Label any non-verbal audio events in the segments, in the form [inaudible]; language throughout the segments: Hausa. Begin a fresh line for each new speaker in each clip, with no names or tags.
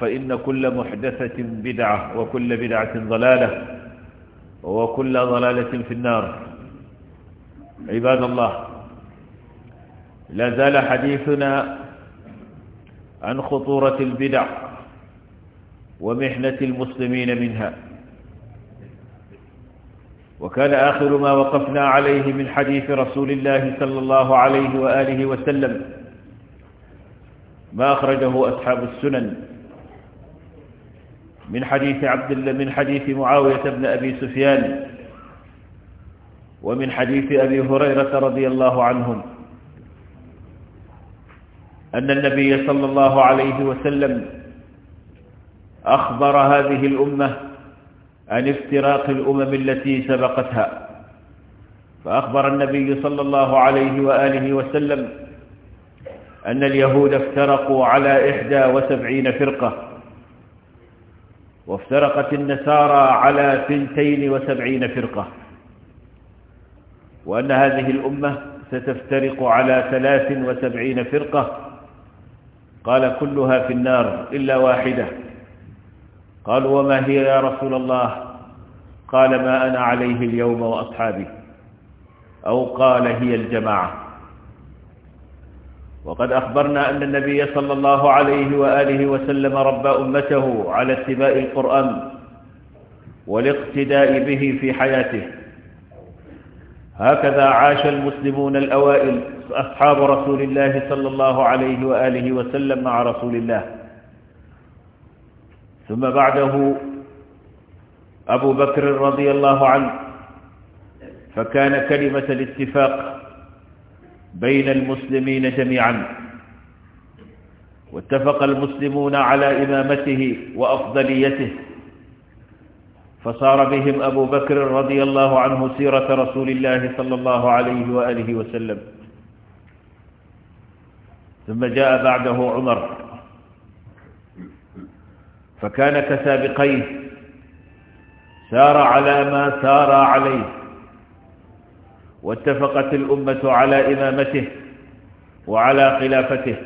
فإن كل محدثة بدعة وكل بدعة ضلالة وكل ضلالة في النار عباد الله لا زال حديثنا عن خطورة البدع ومحنة المسلمين منها وكان آخر ما وقفنا عليه من حديث رسول الله صلى الله عليه وآله وسلم ما أخرجه أصحاب السنن من حديث عبد الله من حديث معاوية بن أبي سفيان ومن حديث أبي هريرة رضي الله عنهم أن النبي صلى الله عليه وسلم أخبر هذه الأمة عن افتراق الأمم التي سبقتها فأخبر النبي صلى الله عليه وآله وسلم أن اليهود افترقوا على إحدى وسبعين فرقة وافترقت النسارى على ثنتين وسبعين فرقة وأن هذه الأمة ستفترق على ثلاث وسبعين فرقة قال كلها في النار إلا واحدة قالوا وما هي يا رسول الله قال ما أنا عليه اليوم وأصحابي أو قال هي الجماعة وقد أخبرنا أن النبي صلى الله عليه وآله وسلم ربى أمته على اتباع القرآن والاقتداء به في حياته هكذا عاش المسلمون الأوائل أصحاب رسول الله صلى الله عليه وآله وسلم مع رسول الله ثم بعده أبو بكر رضي الله عنه فكان كلمة الاتفاق بين المسلمين جميعا واتفق المسلمون على إمامته وأفضليته فصار بهم أبو بكر رضي الله عنه سيرة رسول الله صلى الله عليه وآله وسلم ثم جاء بعده عمر فكان كسابقيه سار على ما سار عليه واتفقت الأمة على إمامته وعلى خلافته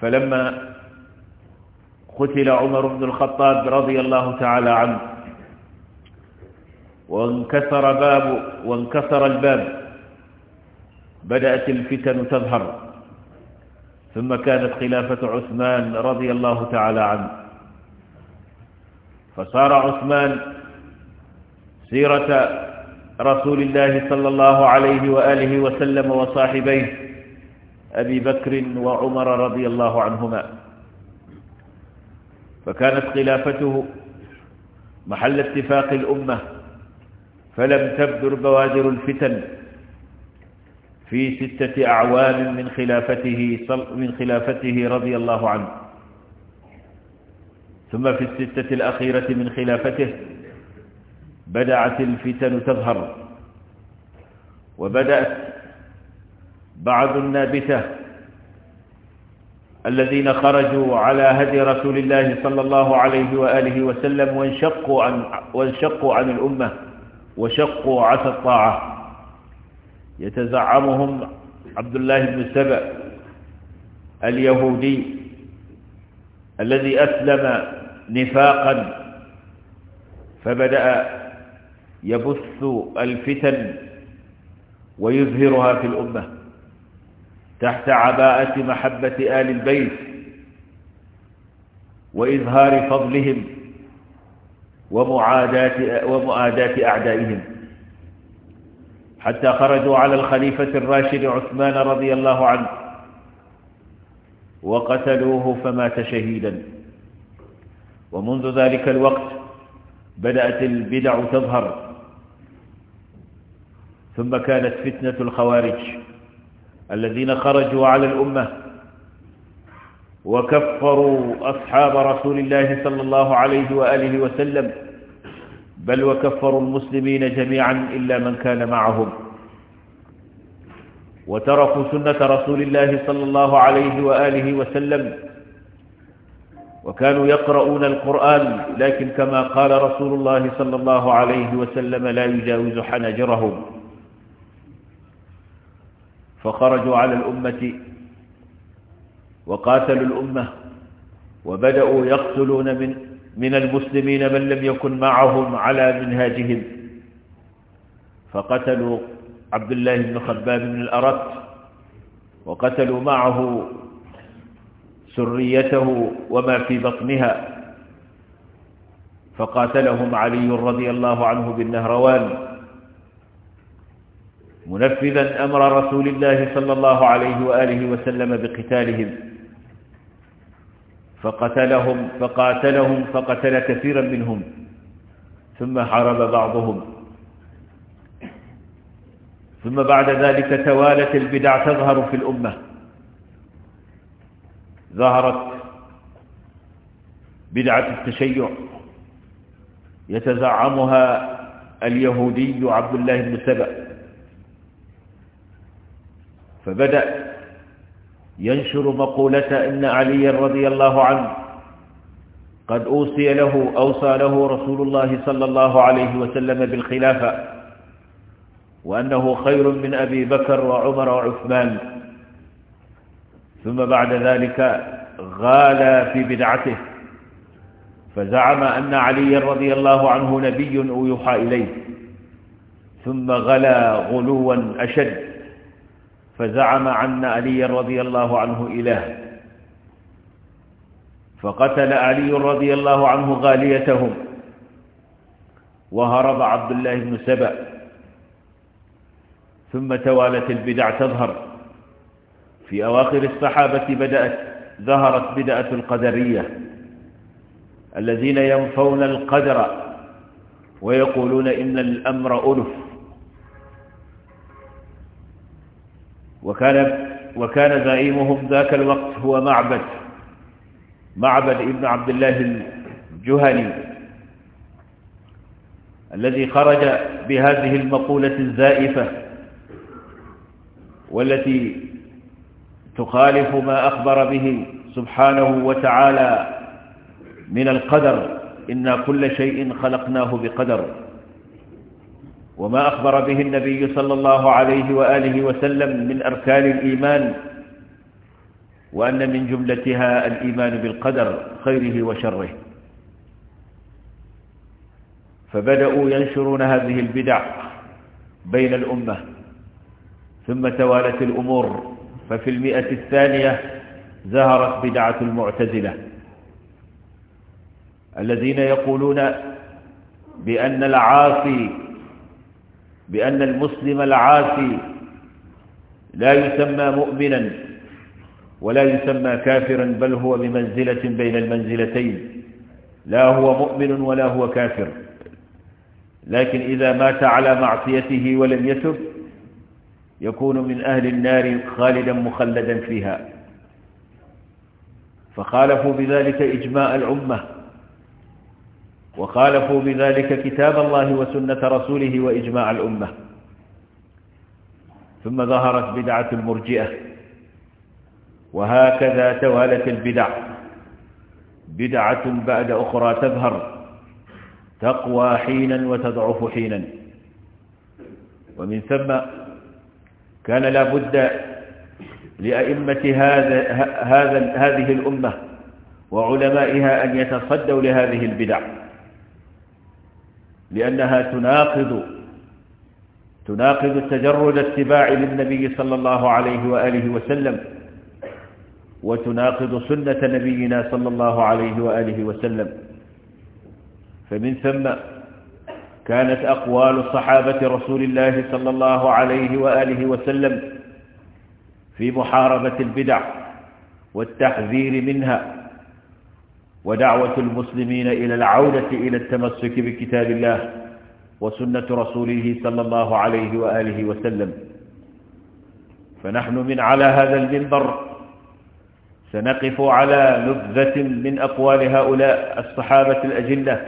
فلما قتل عمر بن الخطاب رضي الله تعالى عنه وانكسر باب وانكسر الباب بدأت الفتن تظهر ثم كانت خلافة عثمان رضي الله تعالى عنه فصار عثمان سيرة رسول الله صلى الله عليه وآله وسلم وصاحبيه أبي بكر وعمر رضي الله عنهما فكانت خلافته محل اتفاق الأمة فلم تبدر بوادر الفتن في ستة أعوام من خلافته, من خلافته رضي الله عنه ثم في الستة الأخيرة من خلافته بدأت الفتن تظهر وبدأت بعض النابتة الذين خرجوا على هدي رسول الله صلى الله عليه وآله وسلم وانشقوا عن, وانشقوا عن الأمة وشقوا عسى الطاعة يتزعمهم عبد الله بن سبأ اليهودي الذي أسلم نفاقا فبدأ يبث الفتن ويظهرها في الأمة تحت عباءة محبة آل البيت وإظهار فضلهم ومعاداة, أعدائهم حتى خرجوا على الخليفة الراشد عثمان رضي الله عنه وقتلوه فمات شهيدا ومنذ ذلك الوقت بدأت البدع تظهر ثم كانت فتنة الخوارج الذين خرجوا على الأمة وكفروا أصحاب رسول الله صلى الله عليه وآله وسلم بل وكفروا المسلمين جميعا إلا من كان معهم وتركوا سنة رسول الله صلى الله عليه وآله وسلم وكانوا يقرؤون القرآن لكن كما قال رسول الله صلى الله عليه وسلم لا يجاوز حناجرهم فخرجوا على الأمة وقاتلوا الأمة وبدأوا يقتلون من من المسلمين من لم يكن معهم على منهاجهم فقتلوا عبد الله بن خباب بن الأرت وقتلوا معه سريته وما في بطنها فقاتلهم علي رضي الله عنه بالنهروان منفذا أمر رسول الله صلى الله عليه وآله وسلم بقتالهم فقتلهم فقاتلهم فقتل كثيرا منهم ثم حارب بعضهم ثم بعد ذلك توالت البدع تظهر في الأمة ظهرت بدعة التشيع يتزعمها اليهودي عبد الله بن سبأ فبدأ ينشر مقولة إن علي رضي الله عنه قد أوصي له أوصى له رسول الله صلى الله عليه وسلم بالخلافة وأنه خير من أبي بكر وعمر وعثمان ثم بعد ذلك غالى في بدعته فزعم أن علي رضي الله عنه نبي أوحى إليه ثم غلا غلوا أشد فزعم عنا عليا رضي الله عنه إله فقتل علي رضي الله عنه غاليتهم وهرب عبد الله بن سبأ ثم توالت البدع تظهر
في أواخر الصحابة بدأت ظهرت بدعة
القدرية الذين ينفون القدر ويقولون إن الأمر ألف وكان, وكان زعيمهم ذاك الوقت هو معبد معبد ابن عبد الله الجهني الذي خرج بهذه المقولة الزائفة والتي تخالف ما أخبر به سبحانه وتعالى من القدر إنا كل شيء خلقناه بقدر وما أخبر به النبي صلى الله عليه وآله وسلم من أركان الإيمان وأن من جملتها الإيمان بالقدر خيره وشره فبدأوا ينشرون هذه البدع بين الأمة ثم توالت الأمور ففي المئة الثانية ظهرت بدعة المعتزلة الذين يقولون بأن العاصي بأن المسلم العاصي لا يسمى مؤمنا ولا يسمى كافرا بل هو بمنزلة بين المنزلتين لا هو مؤمن ولا هو كافر لكن إذا مات على معصيته ولم يتب يكون من أهل النار خالدا مخلدا فيها فخالفوا بذلك إجماع الأمة وخالفوا بذلك كتاب الله وسنة رسوله وإجماع الأمة ثم ظهرت بدعة المرجئة وهكذا توالت البدع بدعة بعد أخرى تظهر تقوى حينا وتضعف حينا ومن ثم كان لا بد لأئمة هذا هذا هذه الأمة وعلمائها أن يتصدوا لهذه البدع لأنها تناقض
تناقض التجرد اتباع للنبي صلى الله عليه وآله وسلم
وتناقض سنة نبينا صلى الله عليه وآله وسلم فمن ثم كانت أقوال صحابة رسول الله صلى الله عليه وآله وسلم في محاربة البدع والتحذير منها ودعوة المسلمين إلى العودة إلى التمسك بكتاب الله وسنة رسوله صلى الله عليه وآله وسلم فنحن من على هذا المنبر سنقف على نبذة من أقوال هؤلاء الصحابة الأجلة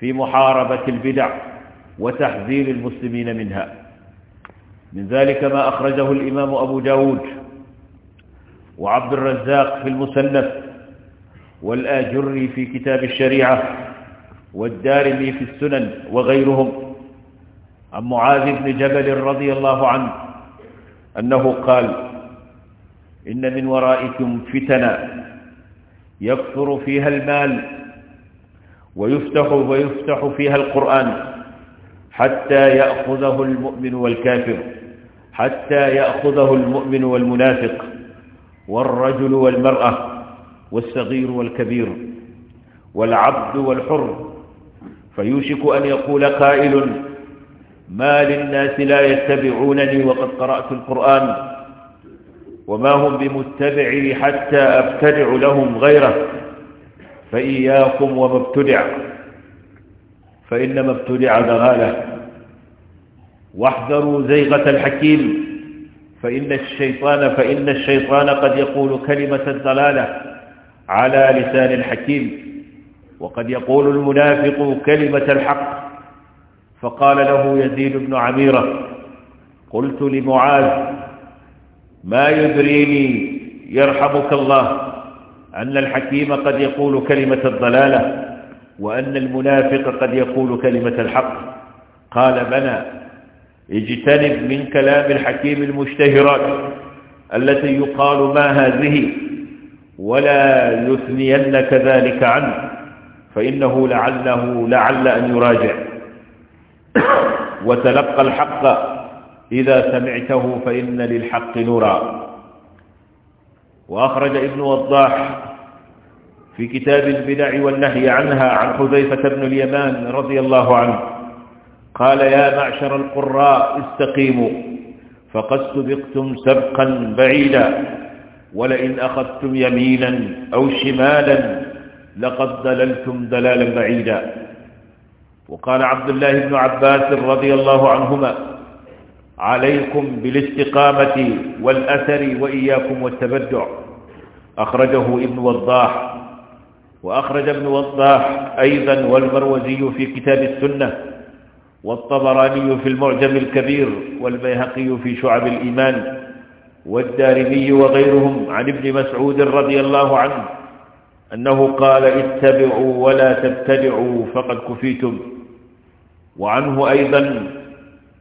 في محاربة البدع وتحذير المسلمين منها من ذلك ما أخرجه الإمام أبو داود وعبد الرزاق في المسنف والآجر في كتاب الشريعة والدارمي في السنن وغيرهم عن معاذ بن جبل رضي الله عنه أنه قال إن من ورائكم فتنا يكثر فيها المال ويفتح ويفتح فيها القرآن حتى يأخذه المؤمن والكافر حتى يأخذه المؤمن والمنافق والرجل والمرأة والصغير والكبير والعبد والحر فيوشك أن يقول قائل ما للناس لا يتبعونني وقد قرأت القرآن وما هم بمتبعي حتى أبتدع لهم غيره فإياكم وما ابتدع فإنما ابتدع ضلاله واحذروا زيغة الحكيم فإن الشيطان فإن الشيطان قد يقول كلمة الضلاله على لسان الحكيم وقد يقول المنافق كلمة الحق فقال له يزيد بن عميرة قلت لمعاذ ما يدريني يرحمك الله أن الحكيم قد يقول كلمة الضلالة وأن المنافق قد يقول كلمة الحق قال بنا اجتنب من كلام الحكيم المشتهرات التي يقال ما هذه ولا يثنينك ذلك عنه فإنه لعله لعل أن يراجع وتلقى الحق إذا سمعته فإن للحق نورا وأخرج ابن وضاح في كتاب البدع والنهي عنها عن حذيفة بن اليمان رضي الله عنه قال يا معشر القراء استقيموا فقد سبقتم سبقا بعيدا ولئن أخذتم يمينا أو شمالا لقد ضللتم ضلالا بعيدا وقال عبد الله بن عباس رضي الله عنهما عليكم بالاستقامة والأثر وإياكم والتبدع أخرجه ابن وضاح وأخرج ابن وضاح أيضا والمروزي في كتاب السنة والطبراني في المعجم الكبير والبيهقي في شعب الإيمان والدارمي وغيرهم عن ابن مسعود رضي الله عنه أنه قال اتبعوا ولا تبتدعوا فقد كفيتم وعنه أيضا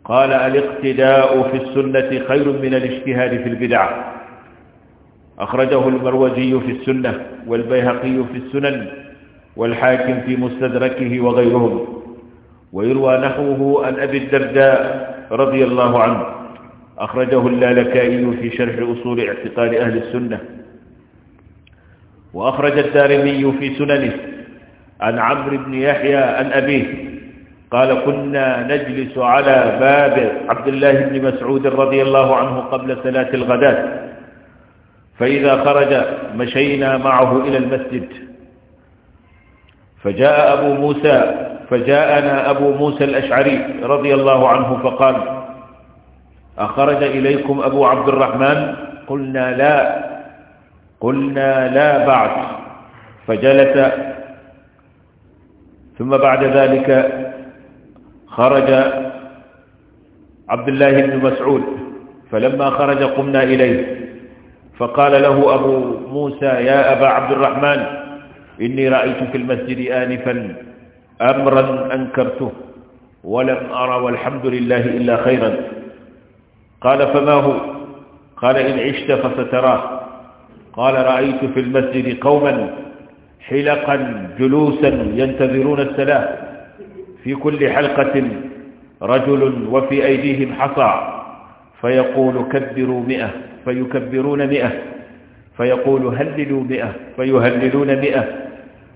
قال الاقتداء في السنة خير من الاجتهاد في البدع أخرجه المروزي في السنة والبيهقي في السنن والحاكم في مستدركه وغيرهم ويروى نحوه عن أبي الدرداء رضي الله عنه أخرجه اللالكائي في شرح أصول اعتقاد أهل السنة وأخرج الدارمي في سننه عن عمرو بن يحيى عن أبيه قال كنا نجلس على باب عبد الله بن مسعود رضي الله عنه قبل صلاة الغداة فإذا خرج مشينا معه إلى المسجد فجاء أبو موسى فجاءنا أبو موسى الأشعري رضي الله عنه فقال أخرج إليكم أبو عبد الرحمن قلنا لا قلنا لا بعد فجلس ثم بعد ذلك خرج عبد الله بن مسعود فلما خرج قمنا إليه فقال له أبو موسى يا أبا عبد الرحمن إني رأيت في المسجد آنفا أمرا أنكرته ولم أرى والحمد لله إلا خيرا قال فما هو قال إن عشت فستراه قال رأيت في المسجد قوما حلقا جلوسا ينتظرون السلام في كل حلقة رجل وفي أيديهم حصى فيقول كبروا مئة فيكبرون مئة فيقول هللوا مئة فيهللون مئة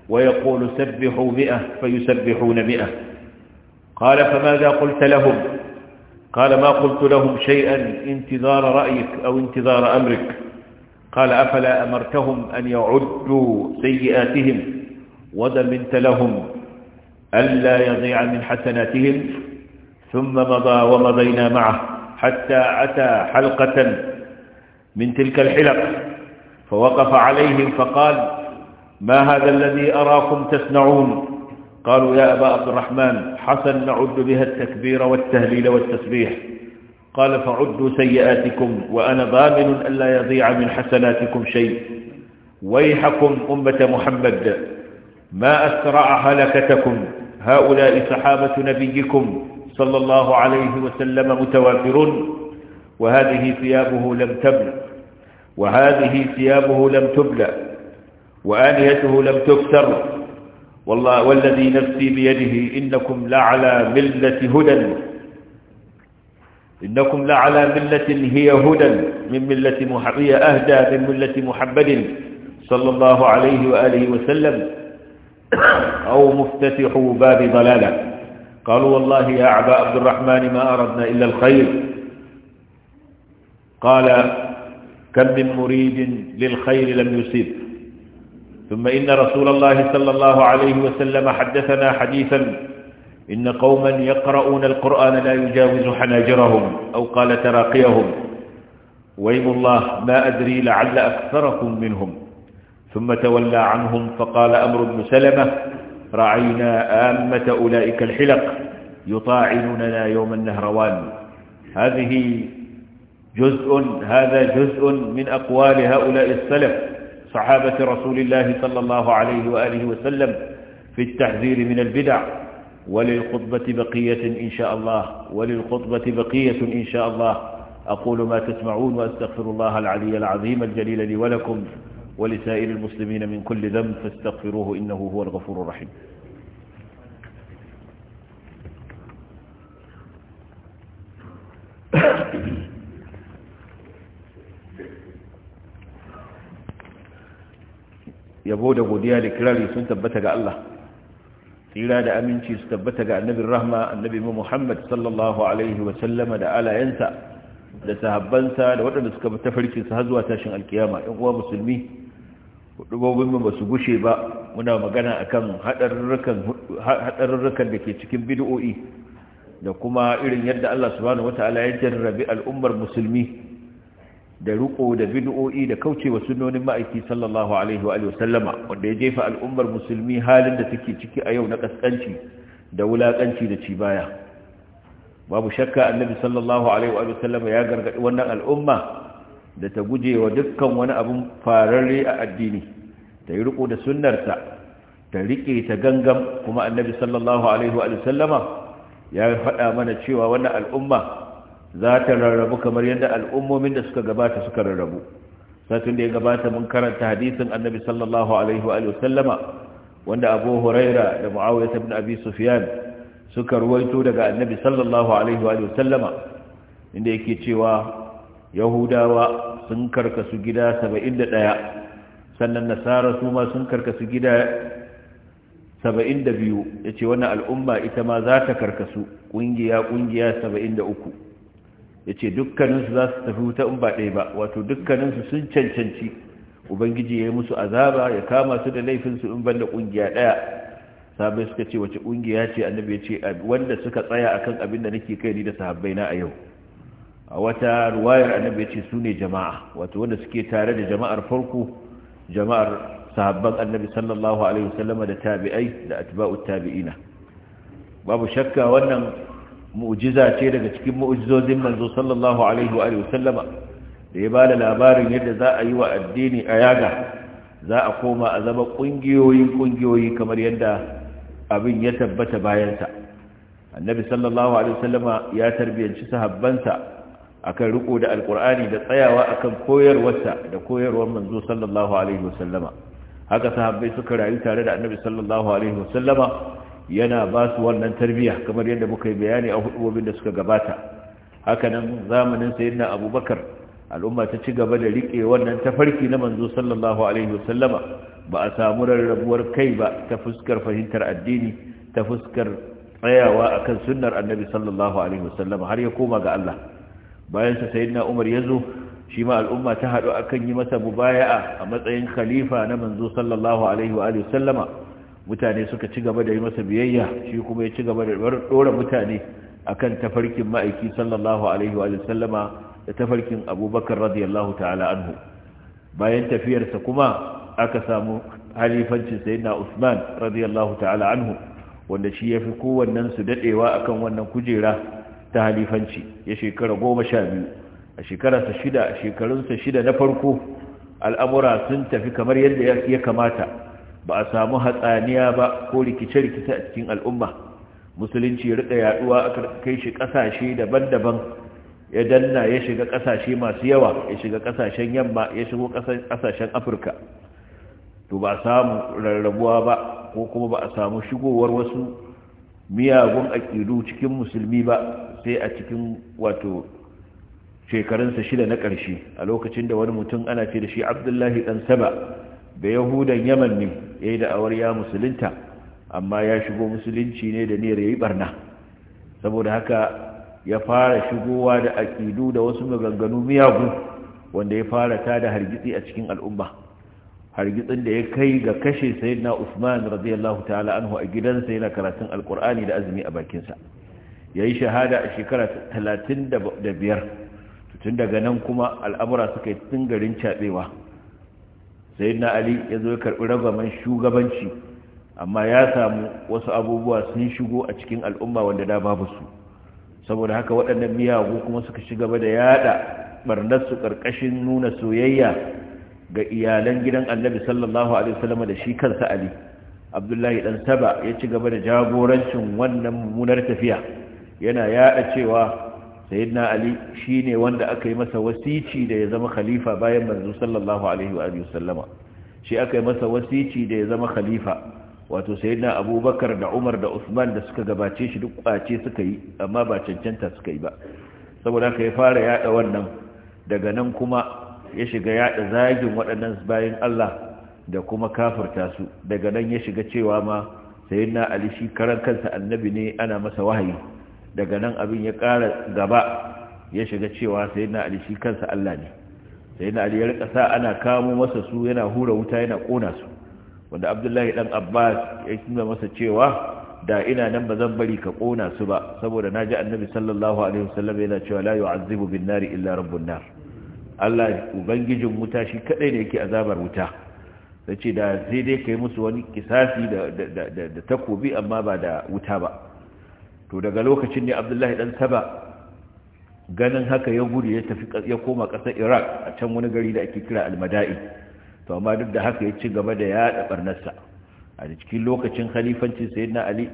ويقول سبحوا مئة فيسبحون مئة قال فماذا قلت لهم قال ما قلت لهم شيئا انتظار رأيك أو انتظار أمرك قال أفلا أمرتهم أن يعدوا سيئاتهم وضمنت لهم ألا يضيع من حسناتهم ثم مضى ومضينا معه حتى أتى حلقة من تلك الحلق فوقف عليهم فقال ما هذا الذي أراكم تصنعون قالوا يا أبا عبد الرحمن حسن نعد بها التكبير والتهليل والتسبيح قال فعدوا سيئاتكم وأنا ضامن ألا يضيع من حسناتكم شيء ويحكم أمة محمد ما أسرع هلكتكم هؤلاء صحابة نبيكم صلى الله عليه وسلم متوافرون وهذه ثيابه لم تبل وهذه ثيابه لم تبلى وآلهته لم تكسر والله والذي نفسي بيده إنكم لعلى ملة هدى إنكم لعلى ملة هي هدى من ملة محرية هي أهدى من ملة محمد صلى الله عليه وآله وسلم أو مفتتح باب ضلالة قالوا والله يا أعباء عبد الرحمن ما أردنا إلا الخير قال كم من مريد للخير لم يصيب ثم إن رسول الله صلى الله عليه وسلم حدثنا حديثا إن قوما يقرؤون القرآن لا يجاوز حناجرهم أو قال تراقيهم ويم الله ما أدري لعل أكثركم منهم ثم تولى عنهم فقال أمر بن سلمة رعينا آمة أولئك الحلق يطاعنوننا يوم النهروان هذه جزء هذا جزء من أقوال هؤلاء السلف صحابة رسول الله صلى الله عليه وآله وسلم
في التحذير من البدع وللخطبة بقية إن شاء الله
وللخطبة بقية إن شاء الله أقول ما تسمعون وأستغفر الله العلي العظيم الجليل لي ولكم ولسائر المسلمين من كل ذنب فاستغفروه إنه هو الغفور الرحيم yabo da godiya da kirari sun tabbata ga Allah tsira da aminci su tabbata ga annabin rahma annabi muhammad sallallahu alaihi da alayensa da sahabbansa da waɗanda suka bi tafarkinsa har zuwa tashin alkiyama yan uwa musulmi hudubobinmu ba su gushe ba muna magana akan haɗarurrukan da ke cikin bid'o'i da kuma irin yadda allah subhanahu wata'ala ya jarrabi al'ummar musulmi da riko da bid'o'i da kaucewa sunnonin ma'aiki sallallahu alaihi wa sallama wanda ya jefa al'ummar musulmi halin da take ciki a yau na kaskanci da wulakanci da cibaya babu shakka annabi sallallahu alaihi wa sallama ya gargadi wannan al'umma da ta gujewa dukkan wani abun fararre a addini ta yi riko da sunnarsa ta rike ta gangam kuma annabi sallallahu alaihi wa sallama ya faɗa mana cewa wannan al'umma za ta rarrabu kamar yadda al'ummomin da suka gabata suka rarrabu satin da ya gabata mun karanta hadisin annabi sallallahu alaihi wa sallama wanda abu huraira da mu'awiyat ibn abi sufyan suka ruwaito daga annabi sallallahu alaihi wa sallama inda yake cewa yahudawa sun karkasu gida saba'in da ɗaya sannan nasara su ma sun karkasu gida saba'in da biyu, ya ce wannan al'umma ita ma za ta karkasu saba'in da uku. ya ce dukkaninsu za su tafi wuta in ba ɗaya ba wato dukkaninsu sun cancanci ubangiji ya yi musu azaba ya kama su da laifinsu in banda ƙungiya ɗaya sabai suka ce wace ƙungiya ce annabi ya ce wanda suka tsaya a kan abin da nake kai ni da sahabbai na a yau a wata ruwayar annabi ya ce su ne jama'a wato wanda suke tare da jama'ar farko jama'ar sahabban annabi sallallahu alaihi wasallama da tabi'ai da atba'ut tabi'ina babu shakka wannan mu'jiza ce daga cikin mu'jizozin manzo sallallahu alaihi wa sallama da ya bada labarin yadda za a yi wa addini a yaga za a koma a zama kungiyoyin kungiyoyi kamar yadda abin ya tabbata bayansa annabi sallallahu alaihi ya tarbiyanci sahabbansa akan riko da alkur'ani da tsayawa akan koyarwarsa da koyarwar manzo sallallahu alaihi haka sahabbai suka rayu tare da annabi sallallahu alaihi yana ba su wannan tarbiyya kamar yadda muka yi bayani a hudubobin da suka gabata hakanan zamanin sayyidina abubakar al'umma ta ci gaba da rike wannan tafarki na manzo sallallahu alaihi wasallama ba a samu rarrabuwar kai ba ta fuskar fahimtar addini ta fuskar tsayawa akan sunnar annabi sallallahu alaihi wasallama har ya koma ga Allah bayan sa sayyidina umar ya shi ma al'umma ta haɗu akan yi masa mubaya'a a matsayin khalifa na manzo sallallahu alaihi wa alihi wasallama mutane suka ci gaba da yi masa biyayya shi kuma ya ci gaba da ɗora mutane akan tafarkin ma'aiki sallallahu alaihi wa sallama da tafarkin abubakar radiyallahu ta'ala anhu bayan tafiyarsa kuma aka samu halifancin sayyidina usman radiyallahu ta'ala anhu wanda shi ya fi kowannen su dadewa akan wannan kujera ta halifanci ya shekara goma sha biyu a shekararsa shida a shekarunsa shida na farko al'amura sun tafi kamar yadda ya kamata ba a samu hatsaniya ba ko rikice-rikice a cikin al'umma musulunci ya rika yaɗuwa aka kai shi ƙasashe daban-daban ya danna ya shiga kasashe masu yawa ya shiga kasashen yamma ya shigo kasashen afirka to ba a samu rarrabuwa ba ko kuma ba a samu shigowar wasu miyagun aƙidu cikin musulmi ba sai a cikin wato shekarunsa shida na ƙarshe a lokacin da wani mutum ana ce da shi abdullahi ɗan saba da yahudan yaman ne ya yi da'awar ya musulunta amma ya shigo musulunci ne da niyyar ya yi barna saboda haka ya fara shigowa da aƙidu da wasu maganganu miyagu wanda ya fara ta da hargitsi a cikin al'umma hargitsin da ya kai ga kashe sayyidina usman radiyallahu ta'ala anhu a gidansa yana karatun alkur'ani da azumi a bakinsa ya yi shahada a shekara talatin da biyar tun daga nan kuma al'amura suka yi tun garin caɓewa na ali ya zo ya karbi ragaman shugabanci amma ya samu wasu abubuwa sun shigo a cikin al'umma wanda da babu su saboda haka waɗannan miyagu kuma suka ci gaba da yada barnarsu ƙarƙashin nuna soyayya ga iyalan gidan annabi sallallahu alaihi wasallam da shi kansa ali abdullahi dan saba ya ci gaba da jagorancin wannan mummunar tafiya yana yada cewa sayyidina ali shi ne wanda aka yi masa wasici da ya zama khalifa bayan manzo sallallahu alaihi wa sallama shi aka yi masa wasici da ya zama khalifa wato sayyidina abubakar da umar da usman da suka gabace shi duk kwace suka yi amma ba cancanta suka yi ba saboda haka ya fara yada wannan daga nan kuma ya shiga yada zagin waɗannan bayan Allah da kuma kafirta su daga nan ya shiga cewa ma sayyidina ali shi karan kansa annabi ne ana masa wahayi daga nan abin ya ƙara gaba ya shiga cewa sai na ali shi kansa Allah ne sai na ali ya rika sa ana kamo masa su yana hura wuta yana kona su wanda abdullahi dan abbas ya kuma masa cewa da ina nan ba zan bari ka kona su ba saboda naji annabi sallallahu alaihi wasallam yana cewa la yu'azzibu bin nari illa rabbun nar Allah ubangijin wuta shi kadai ne yake azabar wuta sai ce da sai dai kai musu wani kisasi da da da takobi amma ba da wuta ba to daga lokacin ne abdullahi dan saba ganin haka ya gudu ya tafi ya koma ƙasar iraq a can wani gari da ake kira almada'i to amma duk da haka ya ci gaba da yaɗa ɓarnarsa a cikin lokacin khalifancin sayyidina ali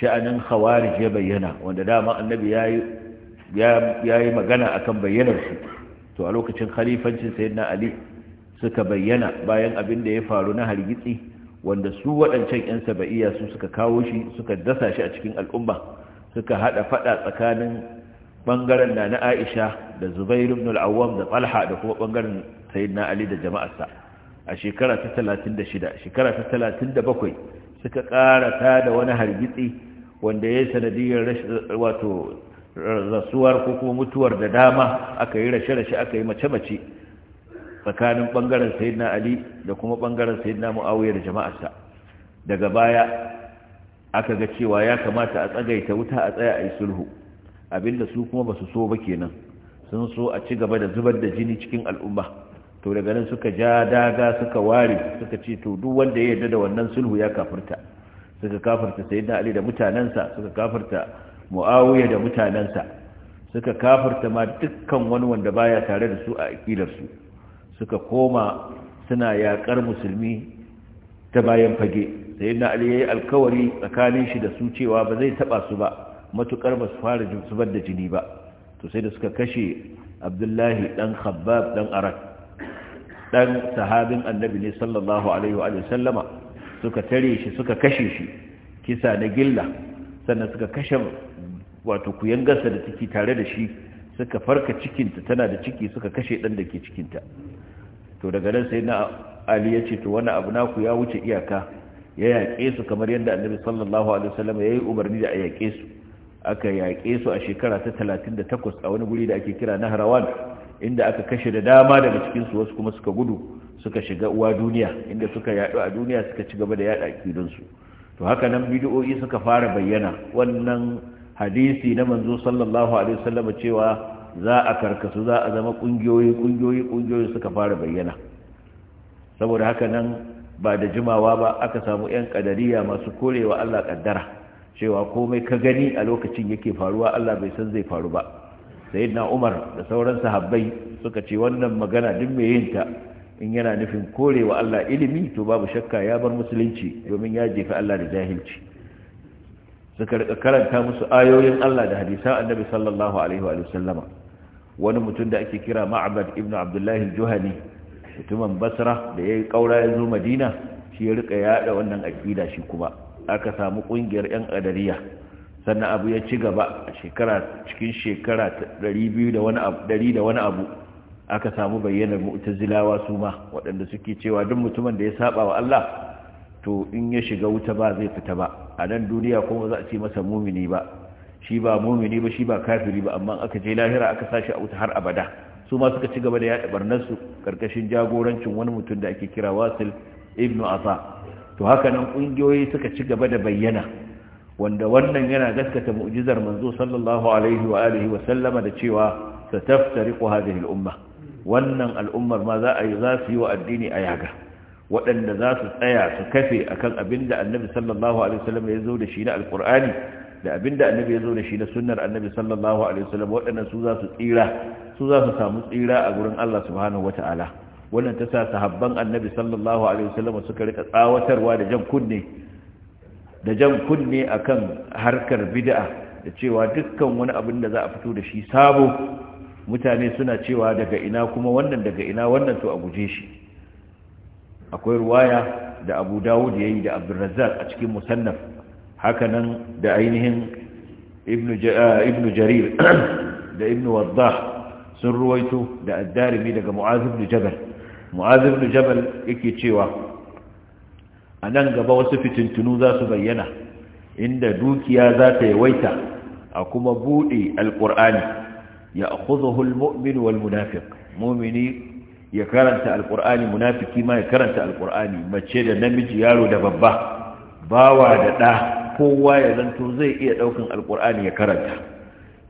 sha'anin khawarij ya bayyana wanda dama annabi ya yi magana akan bayyanarsu to a lokacin khalifancin sayyidina ali suka bayyana bayan abin da ya faru na hargitsi wanda su waɗancan 'yan saba'iya su suka kawo shi suka dasa shi a cikin al'umma suka haɗa faɗa tsakanin ɓangaren na na aisha da zubairu ibn al'awwam da falha da kuma ɓangaren sayin na ali da jama'arsa a shekara ta 36 shekara ta 37 suka ta da wani hargitsi wanda ya yi sanadiyar wato rasuwar ko kuma mutuwar da dama aka yi rashe-rashe aka yi mace-mace tsakanin bangaren sayidina ali da kuma ɓangaren sayidina mu'awiyar jama'arsa daga baya aka ga cewa ya kamata a tsagaita wuta a tsaya a yi sulhu abinda su kuma ba so ba kenan sun so a ci gaba da zubar da jini cikin al'umma to daga nan suka ja daga suka ware suka ce to duk wanda ya yarda da wannan sulhu ya kafirta suka kafirta sayyidina ali da mutanansa suka kafirta muawiya da mutanansa suka kafirta ma dukkan wani wanda baya tare da su a aqidarsu su suka koma suna yaƙar musulmi ta bayan fage sai na ali alkawari tsakanin shi da su cewa ba zai taba su ba matukar ba su fara zubar da jini ba to sai da suka kashe abdullahi dan khabbab dan arak dan sahabin annabi ne sallallahu alaihi wa sallama suka tare shi suka kashe shi kisa na gilla sannan suka kashe wato gasa da take tare da shi suka farka cikinta tana da ciki suka kashe dan da ke cikinta to daga nan sai na ali ya ce to wani abu naku ya wuce iyaka ya yaƙe su kamar yadda annabi sallallahu alaihi wasallam ya yi umarni da a yaƙe su aka yaƙe su a shekara ta talatin da takwas a wani guri da ake kira na nahrawan inda aka kashe da dama daga cikin su wasu kuma suka gudu suka shiga uwa duniya inda suka yaɗu a duniya suka ci gaba da yaɗa akidun su to haka nan bidiyoyi suka fara bayyana wannan hadisi na manzo sallallahu alaihi wasallam cewa za a karkasu za a zama kungiyoyi kungiyoyi kungiyoyi suka fara bayyana saboda haka nan ba da jimawa ba aka samu 'yan kadariya masu korewa Allah kaddara cewa komai ka gani a lokacin yake faruwa Allah bai san zai faru ba sayyidina Umar da sauran sahabbai suka ce wannan magana duk mai yin ta in yana nufin korewa Allah ilimi to babu shakka ya bar musulunci domin ya jefa Allah da jahilci suka karanta musu ayoyin Allah da hadisan Annabi sallallahu alaihi wa sallama wani mutum da ake kira ma'abad ibn abdullahi juhani mutumin basra da ya yi ƙaura ya zo madina shi ya rika yaɗa wannan aƙida shi kuma aka samu ƙungiyar 'yan adariya sannan abu ya ci gaba a shekara cikin shekara 200 da wani abu aka samu bayyanar mu'tazilawa su ma waɗanda suke cewa duk mutumin da ya saba wa Allah to in ya shiga wuta ba zai fita ba a nan duniya kuma za a ce masa mumini ba shi ba mumini ba shi ba kafiri ba amma aka je lahira aka sashi a wuta har abada su ma suka ci gaba da yaɗa barnarsu karkashin jagorancin wani mutum da ake kira wasil ibn asa to haka nan ƙungiyoyi suka ci gaba da bayyana wanda wannan yana gaskata mu'jizar manzo sallallahu alaihi wa alihi wa sallama da cewa sataftariqu hadhihi al-umma wannan al'ummar ma za a yi za su yi wa addini a yaga waɗanda za su tsaya su kafe akan abin da annabi sallallahu alaihi wasallam ya zo da shi na alqur'ani da abinda annabi ya zo da shi na sunnar annabi sallallahu alaihi wasallam waɗannan su za su tsira su za su samu tsira a gurin Allah subhanahu wata'ala wannan ta sa sahabban annabi sallallahu alaihi wasallam suka rika tsawatarwa da jan kunne da jan kunne akan harkar bid'a da cewa dukkan wani abin da za a fito da shi sabo mutane suna cewa daga ina kuma wannan daga ina wannan to a guje shi akwai ruwaya da Abu Dawud yayi da Abdurrazzaq a cikin musannaf hakanan da ainihin ibn ah, jarir [clears throat] da ibn wadda sun ruwaito da addarimi daga mu'az ibn jabal mu'az ibn jabal yake cewa a nan gaba wasu fitintunu za su bayyana inda dukiya za ta yawaita a kuma buɗe alƙur'ani ya akuzuhul mu'min wal munafiq mumini ya karanta alƙur'ani munafiki ma ya karanta alƙur'ani mace da namiji yaro da babba bawa da ɗa kowa ya zanto zai iya ɗaukan alƙur'ani ya karanta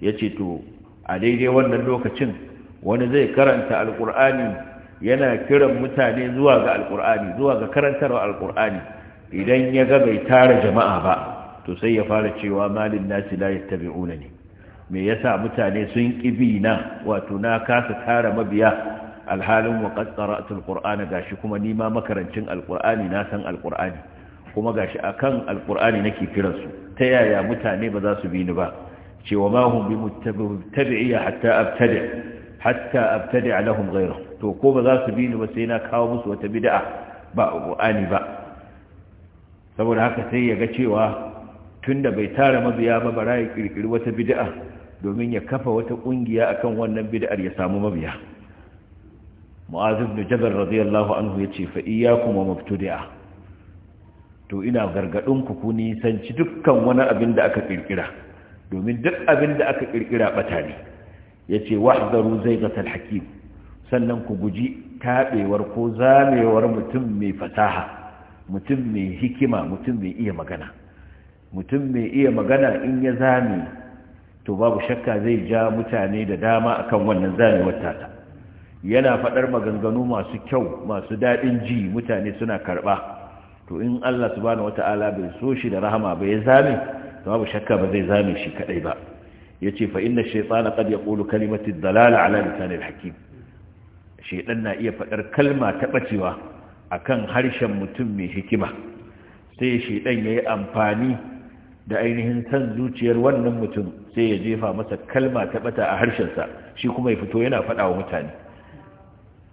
ya ce to a daidai wannan lokacin wani zai karanta alƙur'ani yana kiran mutane zuwa ga alƙur'ani zuwa ga karantarwa alƙur'ani idan ya ga bai tara jama'a ba to sai ya fara cewa malin nasi la yattabi'una ne me yasa mutane sun kibi na wato na kasa tara mabiya alhalin wa qad qara'tu alqur'ana gashi kuma nima makarancin alqur'ani na san alqur'ani kuma gashi akan alƙur'ani nake kiransu ta yaya mutane ba za su bi ni ba cewa ma bi muttabi'i hatta abtadi hatta abtadi lahum ghayra to ko ba za su bi ni ba sai na kawo musu wata bid'a ba Alƙur'ani ba saboda haka sai ya ga cewa tunda bai tara mabiya ba bara ya kirkiri wata bid'a domin ya kafa wata kungiya akan wannan bid'ar ya samu mabiya mu'azib bin jabal radiyallahu anhu ce, fa iyyakum wa mubtadi'a to ina gargadin ku ku nisanci dukkan wani abin da aka kirkira domin duk abin da aka kirkira bata ne yace wahdaru zaiqatal hakim sannan ku guji tabewar ko zamewar mutum mai fasaha mutum mai hikima mutum mai iya magana mutum mai iya magana in ya zame to babu shakka zai ja mutane da dama akan wannan zamewar tata yana faɗar maganganu masu kyau masu daɗin ji mutane suna karɓa to in Allah subhanahu wata'ala bai so shi da rahama ba ya zame to babu shakka ba zai zame shi kadai ba yace fa inna shaytana qad yaqulu kalimatu dalala ala lisan al shaytan na iya fadar kalma ta bacewa akan harshen mutum mai hikima sai shaytan yayi amfani da ainihin san zuciyar wannan mutum sai ya jefa masa kalma ta bata a harshen sa, shi kuma ya fito yana faɗawa wa mutane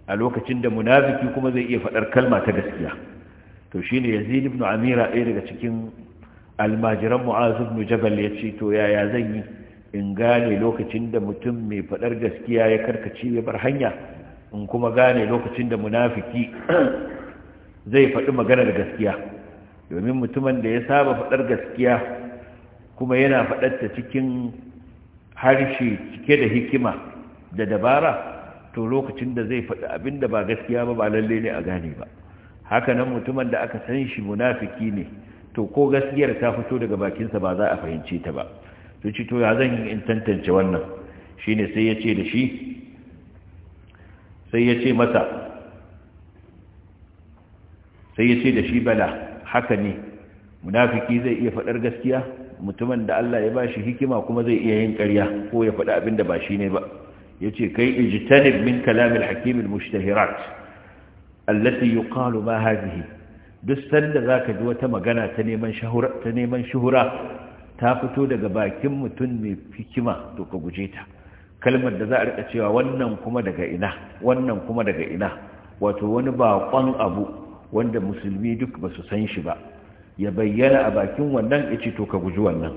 a lokacin da munafiki kuma zai iya faɗar kalma ta gaskiya to shine yazid ibn amira ɗaya daga cikin almajiran mu'azu ibn jabal ya ce to yaya zan yi in gane lokacin da mutum mai faɗar gaskiya ya karkace ya bar hanya in kuma gane lokacin da munafiki [clears throat] zai faɗi maganar gaskiya domin mutumin da ya saba faɗar gaskiya kuma yana faɗarta cikin harshe cike da hikima da dabara to lokacin da zai faɗi abin da ba gaskiya ba ba lalle ne a gane ba haka nan mutumin da aka san shi munafiki ne to ko gaskiyar ta fito daga bakinsa ba za a fahimce ta ba to ci to ya zan in tantance wannan shine sai ya ce da shi sai ya ce sai ya ce da shi bala haka ne munafiki zai iya faɗar gaskiya mutumin da Allah ya bashi hikima kuma zai iya yin ƙarya ko ya faɗi abin da ba shi ne ba yace kai ijtanib min kalamil hakimil mushtahirat allati yuqalu ma hadhihi duk sanda zaka ji wata magana ta neman shahura ta shuhura ta fito daga bakin mutum mai hikima to ka guje ta kalmar da za a rika cewa wannan kuma daga ina daga ina wato wani baƙon abu wanda musulmi duk ba su san shi ba ya bayyana a bakin wannan ya to ka guji wannan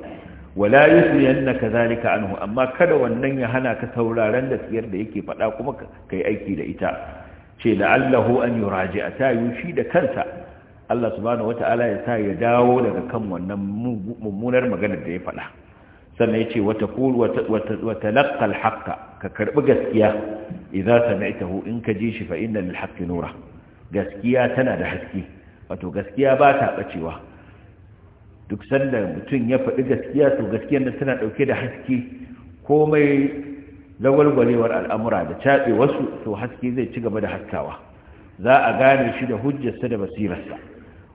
wala yusu yanna kazalika anhu amma kada wannan ya hana ka sauraron da siyar da yake faɗa kuma ka yi aiki da ita ce la'allahu an yuraji'a a tayu shi da kansa Allah subhanahu wata'ala ya sa ya dawo daga kan wannan mummunar maganar da ya faɗa sannan ya ce wata kulu wata laƙal haƙƙa ka karɓi gaskiya idan sami'tahu in ka ji shi fa inna lil haqqi nura gaskiya tana da haske wato gaskiya ba ta bacewa duk sanda mutum ya faɗi gaskiya to gaskiyar nan tana ɗauke da haske komai lagwalgwalewar al'amura da caɓe wasu to haske zai ci gaba da haskawa za a gane shi da hujjarsa da basirarsa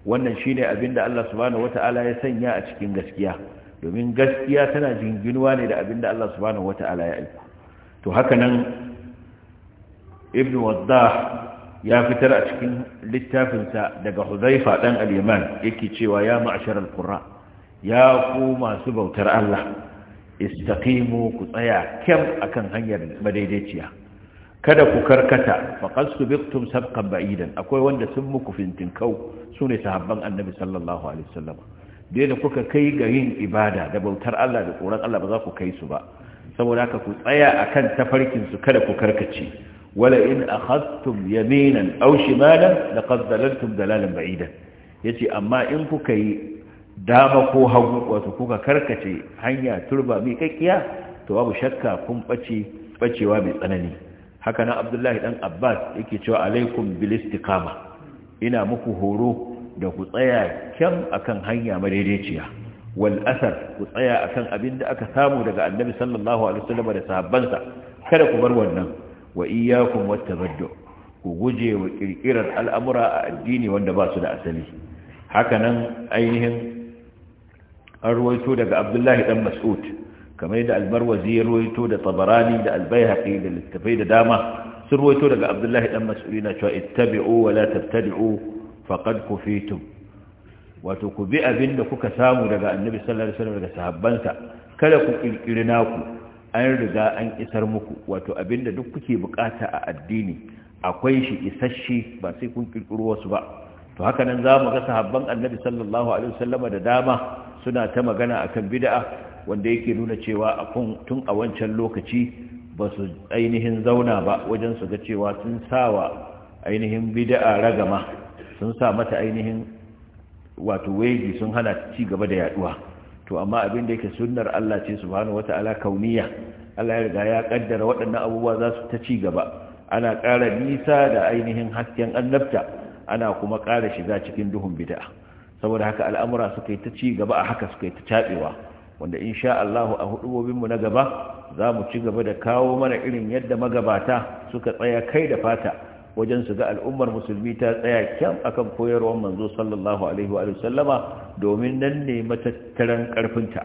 wannan shi ne abin da Allah subhanahu wata'ala ya sanya a cikin gaskiya domin gaskiya tana jinginuwa ne da abin da Allah subhanahu wata'ala ya aiko to haka nan ibn wadda ya fitar a cikin littafinsa daga huzaifa ɗan al-yaman yake cewa ya ma'ashar al-qurra ya ku masu bautar Allah istaqimu ku tsaya kyam akan hanyar madaidaiciya kada ku karkata faqad subiqtum sabqan ba'idan akwai wanda sun muku fintin kau sune sahabban annabi sallallahu alaihi wasallam da kuka kai ga yin ibada da bautar Allah da tsoron Allah ba za ku kai su ba saboda haka ku tsaya akan tafarkin su kada ku karkace wala in akhadtum yaminan aw shimalan laqad dalaltum dalalan ba'idan yace amma in kuka yi dama ko hagu wato kuka karkace hanya turba mai kakkiya to babu shakka kun bace bacewa mai tsanani haka nan abdullahi dan abbas yake cewa alaikum bil istiqama ina muku horo da ku tsaya kyam akan hanya madaidaiciya wal asar ku tsaya akan abin da aka samu daga annabi sallallahu alaihi wasallam da sahabbansa kada ku bar wannan wa iyyakum wattabaddu ku guje wa kirkirar al'amura a addini wanda ba su da asali haka nan ainihin an ruwaito daga abdullahi dan mas'ud kamar da almarwazi ya ruwaito da tabarani da albayhaqi da littafai da dama sun ruwaito daga abdullahi dan mas'ud na cewa ittabi'u wa la tabtadi'u faqad kufitum wato ku bi abin da kuka samu daga annabi sallallahu alaihi wasallam daga sahabbansa kada ku kirkiri naku an riga an isar muku wato abin da duk kuke bukata a addini akwai shi isasshe ba sai kun kirkiro wasu ba to haka nan za mu ga sahabban annabi sallallahu alaihi wasallam da dama suna ta magana akan bida'a wanda yake nuna cewa tun a wancan lokaci ba su ainihin zauna ba wajen su ga cewa sun wa ainihin bida'a ragama sun sa mata ainihin wato wegi sun hana ci gaba da yaduwa to amma abin da yake sunnar Allah ce subhanahu wataala kauniya Allah ya riga ya kaddara waɗannan abubuwa za su ta ci gaba ana ƙara nisa da ainihin hasken annabta ana kuma ƙara shiga cikin duhun bida'a. saboda haka al'amura suka yi ta ci gaba a haka suka yi ta caɓewa wanda insha Allah a hudubobinmu na gaba za mu ci gaba da kawo mana irin yadda magabata suka tsaya kai da fata wajen su ga al'ummar musulmi ta tsaya kyan akan koyarwar manzo sallallahu alaihi wa sallama domin nan ne matattaren karfinta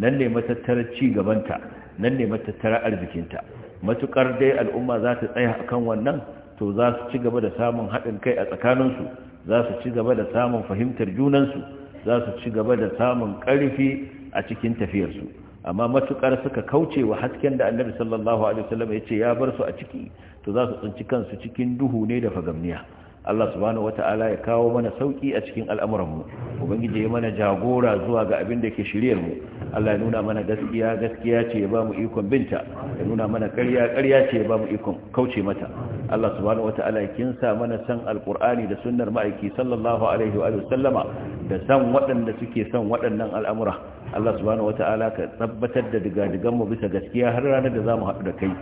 nan ne matattaran ci gabanta nan ne matattaran arzikinta matukar dai al'umma za ta tsaya kan wannan to za su ci gaba da samun haɗin kai a tsakaninsu za su ci gaba da samun fahimtar junansu za su ci gaba da samun ƙarfi a cikin tafiyarsu amma matukar suka kauce wa hasken da annabi sallallahu alaihi wasallam ya ce ya bar su a ciki to za su tsinci kansu cikin duhu ne da fagamniya Allah subhanahu wata'ala ya kawo mana sauki a cikin al'amuranmu ubangiji ya mana jagora zuwa ga abin da ke shiryar mu Allah ya nuna mana gaskiya gaskiya ce ya bamu ikon binta ya nuna mana ƙarya ƙarya ce ya bamu ikon kauce mata Allah subhanahu wata'ala ya kinsa mana san alqur'ani da sunnar ma'aiki sallallahu alaihi wa sallama da san waɗanda suke san waɗannan al'amura Allah subhanahu wata'ala ka tabbatar da digadigan mu bisa gaskiya har ranar da zamu haɗu da kai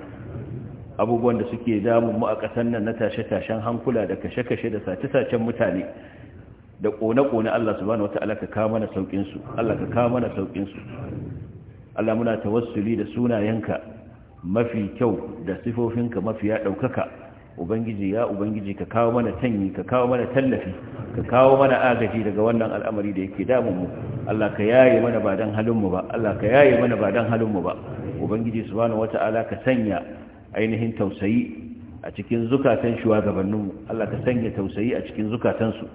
abubuwan da suke damun mu a ƙasar nan na tashe-tashen hankula da kashe-kashe da sace-sacen mutane da ƙone-ƙone Allah subhanahu wata'ala ka kawo mana sauƙinsu su Allah ka kawo mana sauƙinsu su Allah muna tawassuli da sunayenka mafi kyau da sifofinka mafi ya ɗaukaka ubangiji ya ubangiji ka kawo mana tanyi ka kawo mana tallafi ka kawo mana agaji daga wannan al'amari da yake damun mu Allah ka yaye mana ba dan halin mu ba Allah ka yaye mana ba dan halin mu ba ubangiji subhanahu wata'ala ka sanya ainihin tausayi a cikin zukatan shugabanninmu Allah ka sanya tausayi a cikin zukatansu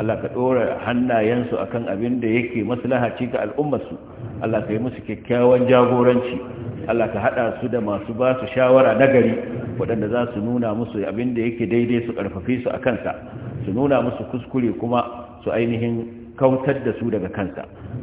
Allah ka ɗora hannayensu akan abin da yake maslaha ga al'ummarsu Allah ka yi musu kyakkyawan jagoranci Allah ka haɗa su da masu ba su shawara nagari waɗanda za su nuna musu abin da yake daidai su ƙarfafi su a kansa su nuna musu kuskure kuma su ainihin kautar da su daga kansa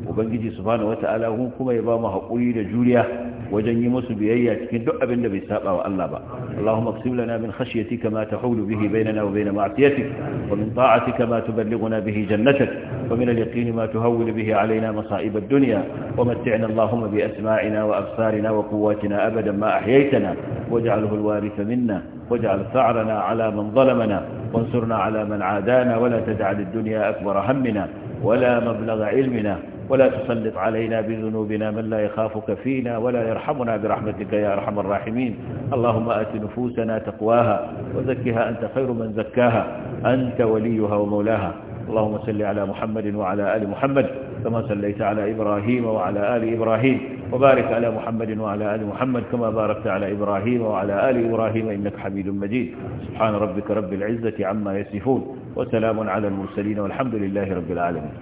ubangiji subhanahu wata'ala hun kuma ya ba mu haƙuri da juriya wajen yi musu biyayya cikin duk abin da bai saba wa Allah ba Allahumma qsim lana min khashyatika ma tahulu bihi bainana wa bain ma'siyatik wa min ta'atika ma tuballighuna bihi jannatak ومن اليقين ما تهول به علينا مصائب الدنيا ومتعنا اللهم بأسماعنا وأبصارنا وقواتنا أبدا ما أحييتنا واجعله الوارث منا واجعل ثعرنا على من ظلمنا وانصرنا على من عادانا ولا تجعل الدنيا أكبر همنا ولا مبلغ علمنا ولا تسلط علينا بذنوبنا من لا يخافك فينا ولا يرحمنا برحمتك يا أرحم الراحمين اللهم آت نفوسنا تقواها وزكها أنت خير من زكاها أنت وليها ومولاها اللهم صل على محمد وعلى آل محمد كما صليت على إبراهيم وعلى آل إبراهيم وبارك على محمد وعلى آل محمد كما باركت على إبراهيم وعلى آل إبراهيم إنك حميد مجيد سبحان ربك رب العزة عما يصفون وسلام على المرسلين والحمد لله رب العالمين